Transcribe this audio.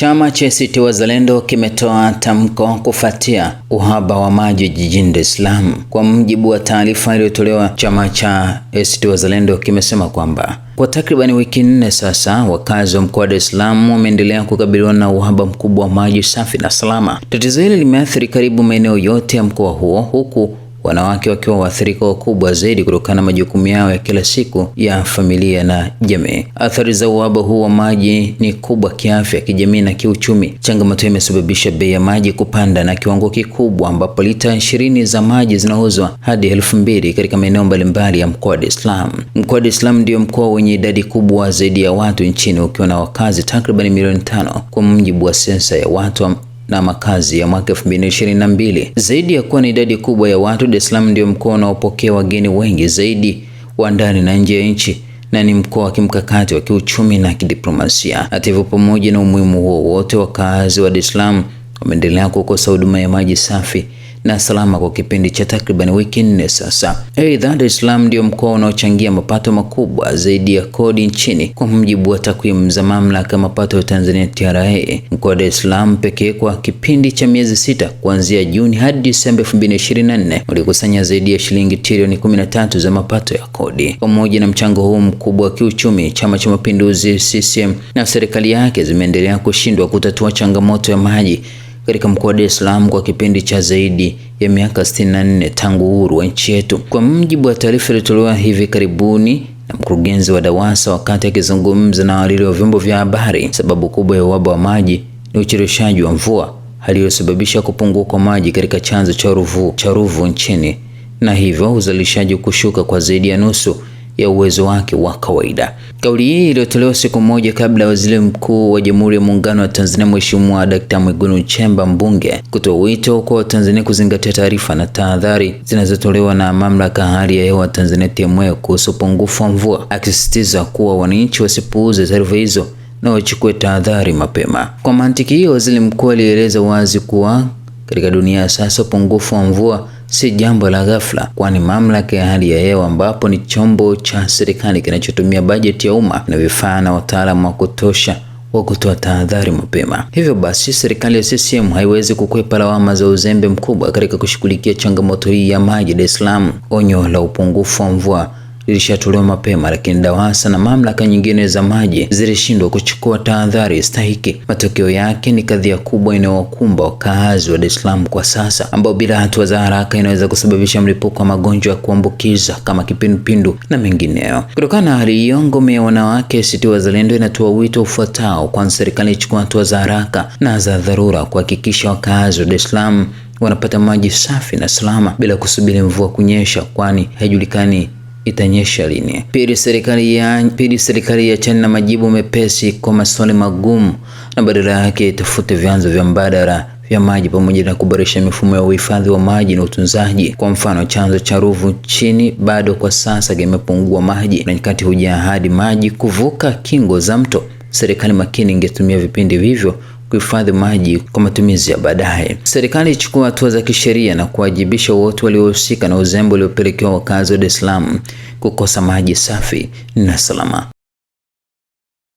Chama cha ACT Wazalendo kimetoa tamko kufuatia uhaba wa maji jijini Dar es Salaam. Kwa mujibu wa taarifa iliyotolewa, chama cha ACT Wazalendo kimesema kwamba kwa takribani wiki nne sasa, wakazi wa mkoa wa Dar es Salaam wameendelea kukabiliwa na uhaba mkubwa wa maji safi na salama. Tatizo hili limeathiri karibu maeneo yote ya mkoa huo huku wanawake wakiwa waathirika wakubwa zaidi kutokana na majukumu yao ya kila siku ya familia na jamii. Athari za uhaba huu wa maji ni kubwa kiafya, kijamii na kiuchumi. Changamoto imesababisha bei ya maji kupanda na kiwango kikubwa, ambapo lita ishirini za maji zinauzwa hadi elfu mbili katika maeneo mbalimbali ya mkoa wa Dar es Salaam. Mkoa wa Dar es Salaam ndio mkoa wenye idadi kubwa zaidi ya watu nchini ukiwa na wakazi takriban milioni tano kwa mujibu wa sensa ya watu na makazi ya mwaka 2022. Zaidi ya kuwa na idadi kubwa ya watu, Dar es Salaam ndio mkoa unaopokea wageni wengi zaidi wa ndani na nje ya nchi na ni mkoa wa kimkakati wa kiuchumi na kidiplomasia. Hata hivyo, pamoja na umuhimu huo wote, wakazi wa Dar es Salaam wameendelea kukosa huduma ya maji safi na salama kwa kipindi cha takriban wiki nne sasa. Aidha, Dar es Salaam ndio mkoa unaochangia mapato makubwa zaidi ya kodi nchini kwa mujibu wa takwimu za mamlaka ya mapato ya Tanzania TRA. Mkoa wa Dar es Salaam pekee kwa kipindi cha miezi sita kuanzia Juni hadi Disemba 2024 ulikusanya zaidi ya shilingi trilioni 13 za mapato ya kodi. Pamoja na mchango huu mkubwa wa kiuchumi, Chama cha Mapinduzi CCM na serikali yake zimeendelea kushindwa kutatua changamoto ya maji katika mkoa wa Dar es Salaam kwa kipindi cha zaidi ya miaka 64 tangu uhuru wa nchi yetu. Kwa mjibu wa taarifa iliyotolewa hivi karibuni na mkurugenzi wa DAWASA wakati akizungumza na walili wa vyombo vya habari, sababu kubwa ya uhaba wa maji ni ucheleweshaji wa mvua, hali iliyosababisha kupungua kwa maji katika chanzo cha Ruvu cha Ruvu nchini na hivyo uzalishaji kushuka kwa zaidi ya nusu ya uwezo wake wa kawaida. Kauli hii iliyotolewa siku moja kabla ya waziri mkuu wa Jamhuri ya Muungano wa Tanzania Mheshimiwa Dkt. Mwigulu Nchemba Mbunge kutoa wito kwa Watanzania kuzingatia taarifa na tahadhari zinazotolewa na Mamlaka ya Hali ya Hewa Tanzania TMA kuhusu upungufu wa mvua, akisisitiza kuwa wananchi wasipuuze taarifa hizo na wachukue tahadhari mapema. Kwa mantiki hiyo, waziri mkuu alieleza wazi kuwa katika dunia ya sasa upungufu wa mvua si jambo la ghafla, kwani mamlaka ya hali ya hewa ambapo ni chombo cha serikali kinachotumia bajeti ya umma na vifaa na wataalamu wa kutosha wa kutoa tahadhari mapema. Hivyo basi, serikali ya CCM haiwezi kukwepa lawama za uzembe mkubwa katika kushughulikia changamoto hii ya maji Dar es Salaam. Onyo la upungufu wa mvua zilishatolewa mapema, lakini DAWASA na mamlaka nyingine za maji zilishindwa kuchukua tahadhari stahiki. Matokeo yake ni kadhia kubwa inayowakumba wakaazi wa Dar es Salaam kwa sasa, ambao bila hatua za haraka inaweza kusababisha mlipuko wa magonjwa ya kuambukiza kama kipindupindu na mengineyo. Kutokana na hali hiyo, ngome ya wanawake ACT Wazalendo inatoa wito ufuatao: kwanza, serikali ichukua hatua za haraka na za dharura kuhakikisha wakaazi wa Dar es Salaam wanapata maji safi na salama bila kusubiri mvua kunyesha, kwani haijulikani itanyesha lini? Pili, serikali ya pili, serikali ya China majibu mepesi kwa maswali magumu na badala yake itafute vyanzo vya mbadala ya maji pamoja na kuboresha mifumo ya uhifadhi wa maji na utunzaji. Kwa mfano, chanzo cha Ruvu chini bado kwa sasa kimepungua maji na nyakati huja hadi maji kuvuka kingo za mto serikali makini ingetumia vipindi hivyo kuhifadhi maji kwa matumizi ya baadaye. Serikali ichukua hatua za kisheria na kuwajibisha wote waliohusika na uzembe uliopelekewa wakazi wa Dar es Salaam kukosa maji safi na salama.